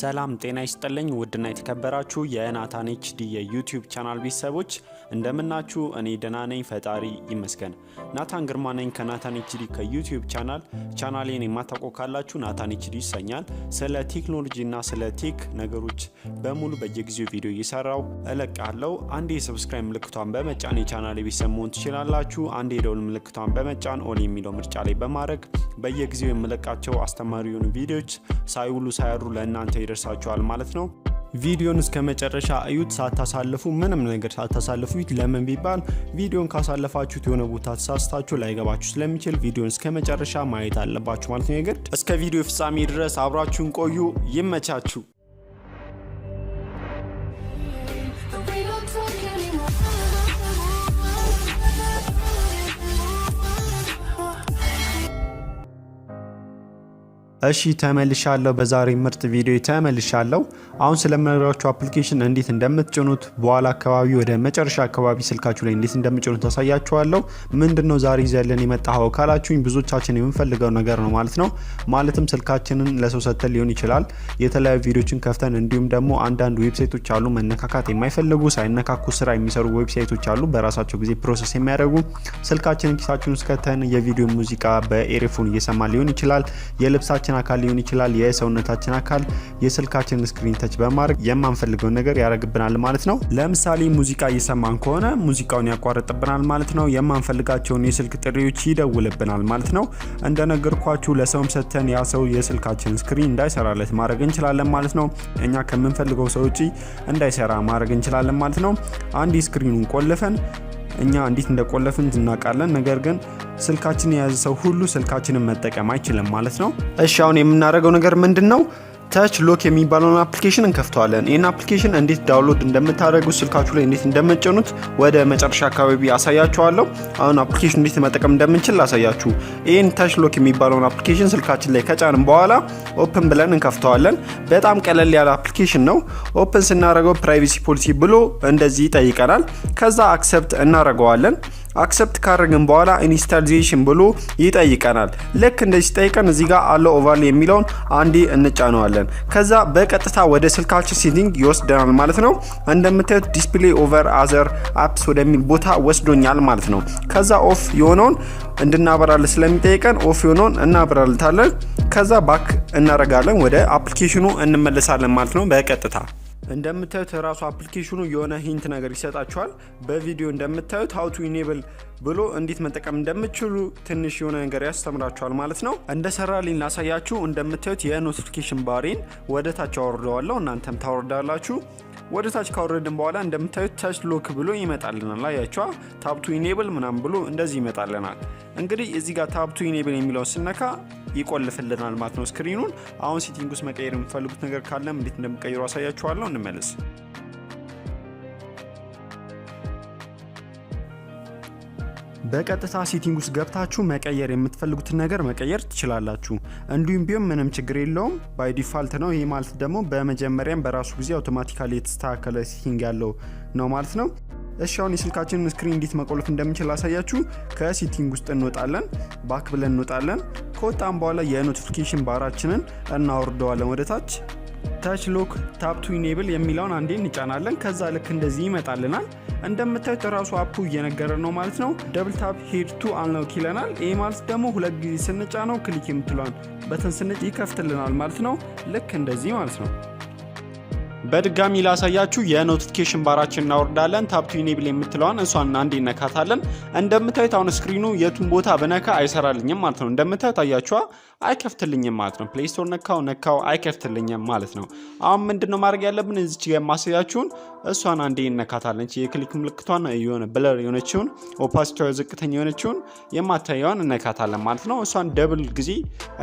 ሰላም ጤና ይስጥልኝ ውድና የተከበራችሁ የናታን ኤችዲ የዩቲዩብ ቻናል ቤተሰቦች እንደምናችሁ፣ እኔ ደህና ነኝ፣ ፈጣሪ ይመስገን። ናታን ግርማ ነኝ ከናታን ኤችዲ ከዩቲዩብ ቻናል። ቻናሌን የማታውቁ ካላችሁ ናታን ኤችዲ ይሰኛል። ስለ ቴክኖሎጂና ስለ ቴክ ነገሮች በሙሉ በየጊዜው ቪዲዮ እየሰራው እለቃለሁ። አንዴ የሰብስክራይብ ምልክቷን በመጫን የቻናሌ ቤተሰብ መሆን ትችላላችሁ። አንዴ የደውል ምልክቷን በመጫን ኦል የሚለው ምርጫ ላይ በማድረግ በየጊዜው የምለቃቸው አስተማሪ የሆኑ ቪዲዮዎች ሳይውሉ ሳያሩ ለእናንተ እናንተ ይደርሳችኋል ማለት ነው። ቪዲዮን እስከ መጨረሻ እዩት፣ ሳታሳልፉ ምንም ነገር ሳታሳልፉ እዩት። ለምን ቢባል ቪዲዮን ካሳለፋችሁት የሆነ ቦታ ተሳስታችሁ ላይገባችሁ ስለሚችል ቪዲዮን እስከ መጨረሻ ማየት አለባችሁ ማለት ነው። የግድ እስከ ቪዲዮ ፍጻሜ ድረስ አብራችሁን ቆዩ። ይመቻችሁ። እሺ ተመልሻለሁ። በዛሬ ምርጥ ቪዲዮ ተመልሻለሁ። አሁን ስለምነግራችሁ አፕሊኬሽን እንዴት እንደምትጭኑት በኋላ አካባቢ ወደ መጨረሻ አካባቢ ስልካችሁ ላይ እንዴት እንደምትጭኑት ታሳያችኋለሁ። ምንድን ነው ዛሬ ይዘልን የመጣኸው ካላችሁኝ ብዙዎቻችን የምንፈልገው ነገር ነው ማለት ነው። ማለትም ስልካችንን ለሰው ሰጥተን ሊሆን ይችላል የተለያዩ ቪዲዮችን ከፍተን፣ እንዲሁም ደግሞ አንዳንድ ዌብሳይቶች አሉ መነካካት የማይፈልጉ ሳይነካኩ ስራ የሚሰሩ ዌብሳይቶች አሉ በራሳቸው ጊዜ ፕሮሰስ የሚያደርጉ ስልካችንን ኪሳችን ውስጥ ከተን የቪዲዮ ሙዚቃ በኤሪፎን እየሰማ ሊሆን ይችላል የልብሳችን የእጃችን አካል ሊሆን ይችላል፣ የሰውነታችን አካል፣ የስልካችን ስክሪን ተች በማድረግ የማንፈልገውን ነገር ያደርግብናል ማለት ነው። ለምሳሌ ሙዚቃ እየሰማን ከሆነ ሙዚቃውን ያቋርጥብናል ማለት ነው። የማንፈልጋቸውን የስልክ ጥሪዎች ይደውልብናል ማለት ነው። እንደነገርኳችሁ ለሰውም ሰጥተን ያ ሰው የስልካችን ስክሪን እንዳይሰራለት ማድረግ እንችላለን ማለት ነው። እኛ ከምንፈልገው ሰው ውጪ እንዳይሰራ ማድረግ እንችላለን ማለት ነው። አንድ ስክሪኑን ቆልፈን እኛ እንዴት እንደቆለፍን እናውቃለን። ነገር ግን ስልካችን የያዘ ሰው ሁሉ ስልካችንን መጠቀም አይችልም ማለት ነው። እሺ አሁን የምናደርገው ነገር ምንድን ነው? ተች ሎክ የሚባለውን አፕሊኬሽን እንከፍተዋለን። ይህን አፕሊኬሽን እንዴት ዳውንሎድ እንደምታደርጉ ስልካችሁ ላይ እንዴት እንደምትጭኑት ወደ መጨረሻ አካባቢ አሳያችኋለሁ። አሁን አፕሊኬሽን እንዴት መጠቀም እንደምንችል ላሳያችሁ። ይህን ተች ሎክ የሚባለውን አፕሊኬሽን ስልካችን ላይ ከጫንም በኋላ ኦፕን ብለን እንከፍተዋለን። በጣም ቀለል ያለ አፕሊኬሽን ነው። ኦፕን ስናደርገው ፕራይቬሲ ፖሊሲ ብሎ እንደዚህ ይጠይቀናል። ከዛ አክሰፕት እናደርገዋለን። አክሰፕት ካደረግን በኋላ ኢንስታሊዜሽን ብሎ ይጠይቀናል። ልክ እንደዚህ ጠይቀን እዚህ ጋር አለው ኦቫል የሚለውን አንዴ እንጫነዋለን። ከዛ በቀጥታ ወደ ስልካችን ሴቲንግ ይወስደናል ማለት ነው። እንደምታዩት ዲስፕሌይ ኦቨር አዘር አፕስ ወደሚል ቦታ ወስዶኛል ማለት ነው። ከዛ ኦፍ የሆነውን እንድናበራል ስለሚጠይቀን ኦፍ የሆነውን እናበራልታለን። ከዛ ባክ እናደርጋለን፣ ወደ አፕሊኬሽኑ እንመለሳለን ማለት ነው በቀጥታ እንደምታዩት ራሱ አፕሊኬሽኑ የሆነ ሂንት ነገር ይሰጣችኋል። በቪዲዮ እንደምታዩት ሀውቱ ኢኔብል ብሎ እንዴት መጠቀም እንደምችሉ ትንሽ የሆነ ነገር ያስተምራችኋል ማለት ነው። እንደ ሰራልኝ ላሳያችሁ። እንደምታዩት የኖቲፊኬሽን ባሪን ወደ ታች አወርደዋለሁ፣ እናንተም ታወርዳላችሁ። ወደ ታች ካወረድን በኋላ እንደምታዩት ተች ሎክ ብሎ ይመጣልናል። አያችኋ ታፕ ኢኔብል ምናምን ብሎ እንደዚህ ይመጣልናል። እንግዲህ እዚህ ጋር ታፕ ኢኔብል የሚለውን ስነካ ይቆልፍልናል ማለት ነው ስክሪኑን። አሁን ሲቲንግ ውስጥ መቀየር የምትፈልጉት ነገር ካለም እንዴት እንደምቀይሩ አሳያችኋለሁ። እንመለስ። በቀጥታ ሴቲንግ ውስጥ ገብታችሁ መቀየር የምትፈልጉትን ነገር መቀየር ትችላላችሁ። እንዲሁም ቢሆን ምንም ችግር የለውም፣ ባይ ዲፋልት ነው። ይህ ማለት ደግሞ በመጀመሪያም በራሱ ጊዜ አውቶማቲካሊ የተስተካከለ ሴቲንግ ያለው ነው ማለት ነው። እሺ አሁን የስልካችንን ስክሪን እንዴት መቆለፍ እንደምንችል አሳያችሁ። ከሴቲንግ ውስጥ እንወጣለን፣ ባክ ብለን እንወጣለን። ከወጣም በኋላ የኖቲፊኬሽን ባራችንን እናወርደዋለን ወደ ታች። ታች ሎክ ታፕ ቱ ኢኔብል የሚለውን አንዴ እንጫናለን። ከዛ ልክ እንደዚህ ይመጣልናል። እንደምታዩት ራሱ አፑ እየነገረ ነው ማለት ነው። ደብል ታፕ ሄድ ቱ አንሎክ ይለናል። ይህ ማለት ደግሞ ሁለት ጊዜ ስንጫ ነው ክሊክ የምትሏን በተን ስንጭ ይከፍትልናል ማለት ነው። ልክ እንደዚህ ማለት ነው። በድጋሚ ላሳያችሁ። የኖቲፊኬሽን ባራችን እናወርዳለን። ታፕቱ ኢኔብል የምትለዋን እሷን አንዴ እነካታለን። እንደምታዩት አሁን ስክሪኑ የቱን ቦታ በነካ አይሰራልኝም ማለት ነው። እንደምታዩት አያችኋ፣ አይከፍትልኝም ማለት ነው። ፕሌይ ነካው ነካው አይከፍትልኝም ማለት ነው። አሁን ምንድን ነው ማድረግ ያለብን? እዚች የማሳያችሁን እሷን አንዴ እነካታለን። የክሊክ ምልክቷን የሆነ ብለር የሆነችውን ኦፓሲቲ ዝቅተኛ የሆነችውን የማታየዋን እነካታለን ማለት ነው። እሷን ደብል ጊዜ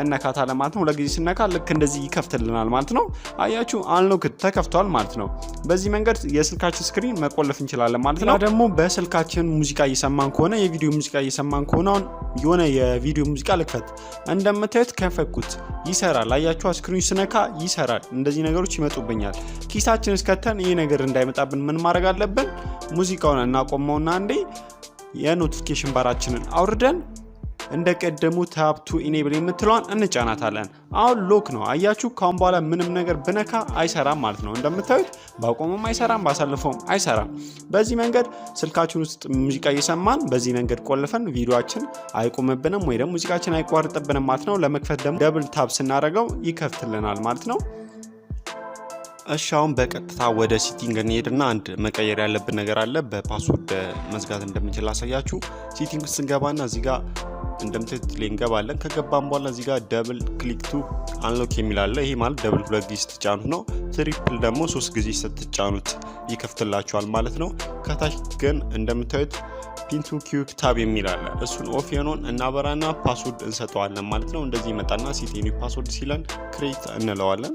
እነካታለን ማለት ነው። ሁለት ጊዜ ስነካ ልክ እንደዚህ ይከፍትልናል ማለት ነው። አያችሁ አልኖክ ተከፍቷል። ተዘጋጅቷል ማለት ነው። በዚህ መንገድ የስልካችን ስክሪን መቆለፍ እንችላለን ማለት ነው። ደግሞ በስልካችን ሙዚቃ እየሰማን ከሆነ የቪዲዮ ሙዚቃ እየሰማን ከሆነ የሆነ የቪዲዮ ሙዚቃ ልክፈት፣ እንደምታዩት ከፈኩት ይሰራል። አያችኋ? ስክሪን ስነካ ይሰራል። እንደዚህ ነገሮች ይመጡብኛል። ኪሳችን እስከተን ይህ ነገር እንዳይመጣብን ምን ማድረግ አለብን? ሙዚቃውን እናቆመውና እንዴ የኖቲፊኬሽን ባራችንን አውርደን እንደ ቀደሙ ታብ ቱ ኢኔብል የምትለዋን እንጫናታለን። አሁን ሎክ ነው አያችሁ። ካሁን በኋላ ምንም ነገር ብነካ አይሰራም ማለት ነው። እንደምታዩት ባቆመም አይሰራም፣ ባሳልፈውም አይሰራም። በዚህ መንገድ ስልካችን ውስጥ ሙዚቃ እየሰማን በዚህ መንገድ ቆልፈን ቪዲዮችን አይቆምብንም ወይ ደግሞ ሙዚቃችን አይቋርጥብንም ማለት ነው። ለመክፈት ደግሞ ደብል ታብ ስናደርገው ይከፍትልናል ማለት ነው። እሻውን በቀጥታ ወደ ሲቲንግ እንሄድና አንድ መቀየር ያለብን ነገር አለ። በፓስወርድ መዝጋት እንደምንችል አሳያችሁ። ሲቲንግ ስንገባና እዚህ ጋር እንደምትት እንገባለን። ከገባም በኋላ እዚህ ጋር ደብል ክሊክ ቱ አንሎክ አለ። ይሄ ማለት ደብል ሁለት ጊዜ ስትጫኑት ነው። ትሪፕል ደግሞ ሶስት ጊዜ ስትጫኑት ይከፍትላችኋል ማለት ነው። ከታች ግን እንደምታዩት ፒንቱ ኪዩክ ታብ አለ። እሱን ኦፍ የሆነውን እናበራና ፓስወርድ እንሰጠዋለን ማለት ነው። እንደዚህ ይመጣና ሴት ፓስወርድ ሲለን ክሬት እንለዋለን።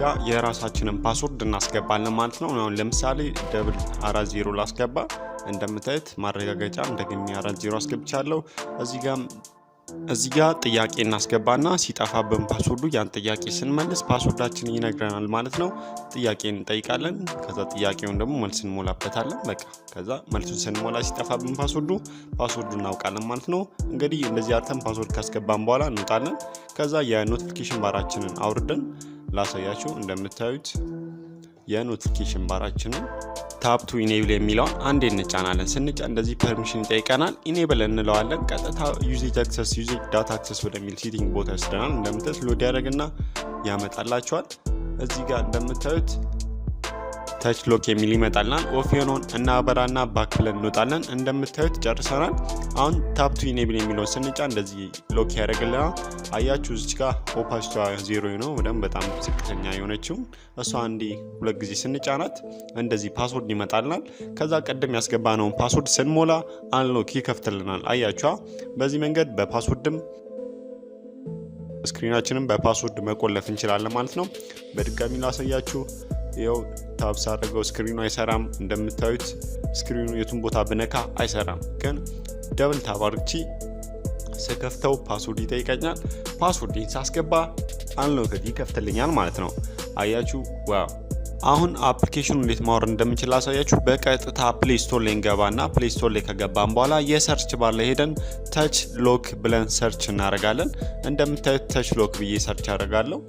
ጋር የራሳችንን ፓስወርድ እናስገባለን ማለት ነው። አሁን ለምሳሌ ደብል አራት ዜሮ ላስገባ። እንደምታየት ማረጋገጫ እንደግሜ አራት ዜሮ አስገብቻለሁ። እዚህ ጋ እዚህ ጋ ጥያቄ እናስገባና ሲጠፋብን ፓስወርዱ ያን ጥያቄ ስንመልስ ፓስወርዳችን ይነግረናል ማለት ነው። ጥያቄ እንጠይቃለን። ከዛ ጥያቄውን ደግሞ መልስ እንሞላበታለን። በቃ ከዛ መልሱን ስንሞላ ሲጠፋብን ፓስወርዱ ፓስወርዱ እናውቃለን ማለት ነው። እንግዲህ እንደዚህ አርተን ፓስወርድ ካስገባን በኋላ እንወጣለን። ከዛ የኖቲፊኬሽን ባራችንን አውርደን ላሳያችሁ። እንደምታዩት የኖቲፊኬሽን ባራችንን ቱ ኢኔብል የሚለውን አንዴ እንጫናለን። ስንጫ እንደዚህ ፐርሚሽን ይጠይቀናል። ኢኔብል እንለዋለን። ቀጥታ ዩዜጅ አክሰስ ዩዜጅ ዳታ አክሰስ ወደሚል ሲቲንግ ቦታ ይወስደናል። እንደምታዩት ሎድ ያደረግና ያመጣላቸዋል። እዚህ ጋር እንደምታዩት ተች ሎክ የሚል ይመጣልናል። ኦፊዮኖን እናበራና ባክ ብለን እንወጣለን። እንደምታዩት ጨርሰናል። አሁን ታፕ ቱ ኢኔብል የሚለውን ስንጫ እንደዚህ ሎክ ያደርግልናል። አያችሁ እዚች ጋ ኦፓሲቷ ዜሮ ነው፣ ደም በጣም ዝቅተኛ የሆነችው እሷ አንዴ ሁለት ጊዜ ስንጫናት እንደዚህ ፓስወርድ ይመጣልናል። ከዛ ቀደም ያስገባነውን ፓስወርድ ስንሞላ አንሎክ ይከፍትልናል። አያችኋ በዚህ መንገድ በፓስወርድም ስክሪናችንን በፓስወርድ መቆለፍ እንችላለን ማለት ነው። በድጋሚ ላሳያችሁ። ይኸው ታብ ሳደርገው ስክሪኑ አይሰራም። እንደምታዩት ስክሪኑ የቱን ቦታ ብነካ አይሰራም። ግን ደብል ታብ አርቺ ስከፍተው ፓስወርድ ይጠይቀኛል። ፓስወርዴን ሳስገባ አንሎክድ ይከፍትልኛል ማለት ነው። አያችሁ ዋው! አሁን አፕሊኬሽኑ እንዴት ማወር እንደምንችል አሳያችሁ። በቀጥታ ፕሌይ ስቶር ላይ እንገባና ፕሌይ ስቶር ላይ ከገባን በኋላ የሰርች ባር ላይ ሄደን ተች ሎክ ብለን ሰርች እናደርጋለን። እንደምታዩት ተች ሎክ ብዬ ሰርች አደርጋለሁ።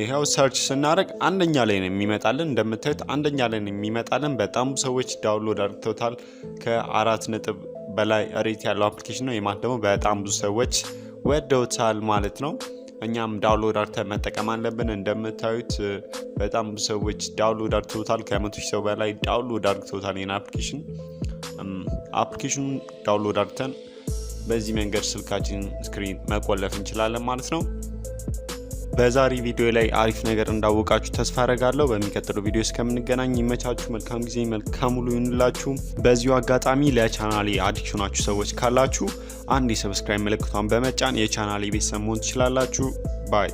ይኸው ሰርች ስናደርግ አንደኛ ላይ ነው የሚመጣልን። እንደምታዩት አንደኛ ላይ ነው የሚመጣልን። በጣም ሰዎች ዳውንሎድ አድርግተውታል። ከአራት ነጥብ በላይ ሬት ያለው አፕሊኬሽን ነው። የማት ደግሞ በጣም ብዙ ሰዎች ወደውታል ማለት ነው። እኛም ዳውንሎድ አርተ መጠቀም አለብን። እንደምታዩት በጣም ብዙ ሰዎች ዳውንሎድ አድርግተውታል። ከመቶ ሺህ ሰው በላይ ዳውንሎድ አድርግተውታል ይህን አፕሊኬሽን። አፕሊኬሽኑን ዳውንሎድ አርተን በዚህ መንገድ ስልካችን ስክሪን መቆለፍ እንችላለን ማለት ነው። በዛሬ ቪዲዮ ላይ አሪፍ ነገር እንዳወቃችሁ ተስፋ አረጋለሁ። በሚቀጥለው ቪዲዮ እስከምንገናኝ ይመቻችሁ። መልካም ጊዜ፣ መልካም ውሎ ይሁንላችሁ። በዚሁ አጋጣሚ ለቻናሌ አዲስ ሆናችሁ ሰዎች ካላችሁ አንድ የሰብስክራይብ ምልክቷን በመጫን የቻናሌ ቤተሰብ መሆን ትችላላችሁ። ባይ